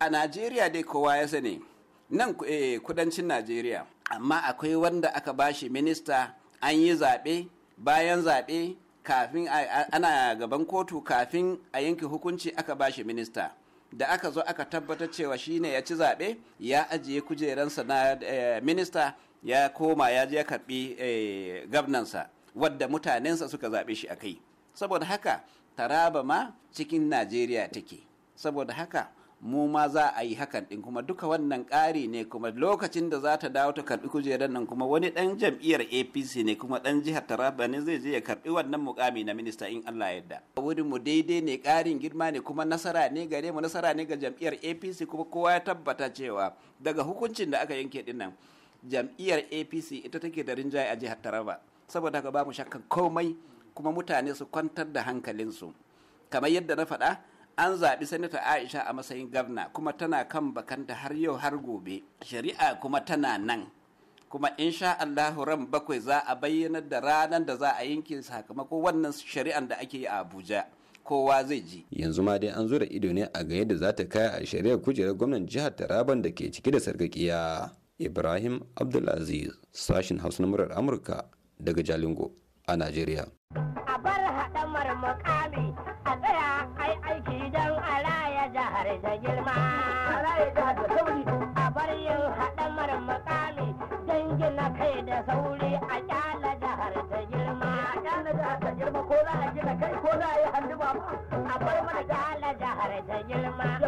a najeriya dai kowa ya sani nan eh, kudancin najeriya amma akwai wanda aka bashi minista an yi zaɓe bayan zaɓe kafin ana gaban kotu kafin a yanke hukunci aka bashi minista da aka zo aka tabbatar cewa shine ya ci zaɓe ya ajiye kujeransa na eh, minista ya koma ya je ya karɓi eh, gabnansa wadda mutanensa suka zaɓe shi a kai saboda haka taraba ma cikin najeriya take saboda haka mu ma za a yi hakan din kuma duka wannan ƙari ne kuma lokacin da za ta dawo ta karɓi kujerar nan kuma wani ɗan jam'iyyar apc ne kuma ɗan jihar taraba ne zai je ya karɓi wannan mukami na minista in allah yadda wurin mu daidai ne ƙarin girma ne kuma nasara ne gare mu nasara ne ga jam'iyyar apc kuma kowa ya tabbata cewa daga hukuncin da aka yanke din nan jam'iyyar apc ita take da rinjaye a jihar taraba saboda haka ba mu shakkan komai kuma mutane su kwantar da hankalinsu kamar yadda na faɗa an zaɓi sanata aisha a matsayin gavna kuma tana kan bakanta har yau har gobe shari'a kuma tana nan kuma insha Allahu ran bakwai za a bayyanar da ranar da za a yanke sakamako wannan shari'an da ake yi a Abuja kowa zai ji yanzu ma dai an zo da ido ne a ga yadda za ta kaya a shari'ar kujerar gwamnan jihar Taraban da ke cike da sarkakiya Ibrahim Abdulaziz sashin Hausa na murar Amurka daga Jalingo a Najeriya a bar haɗamar makami a tsaya da girma a bar yin haɗamar makami don gina kai da sauri a kyala jihar ta girma a jihar girma ko za a gina kai ko za a yi hannu ba a bar mana kyala jihar ta girma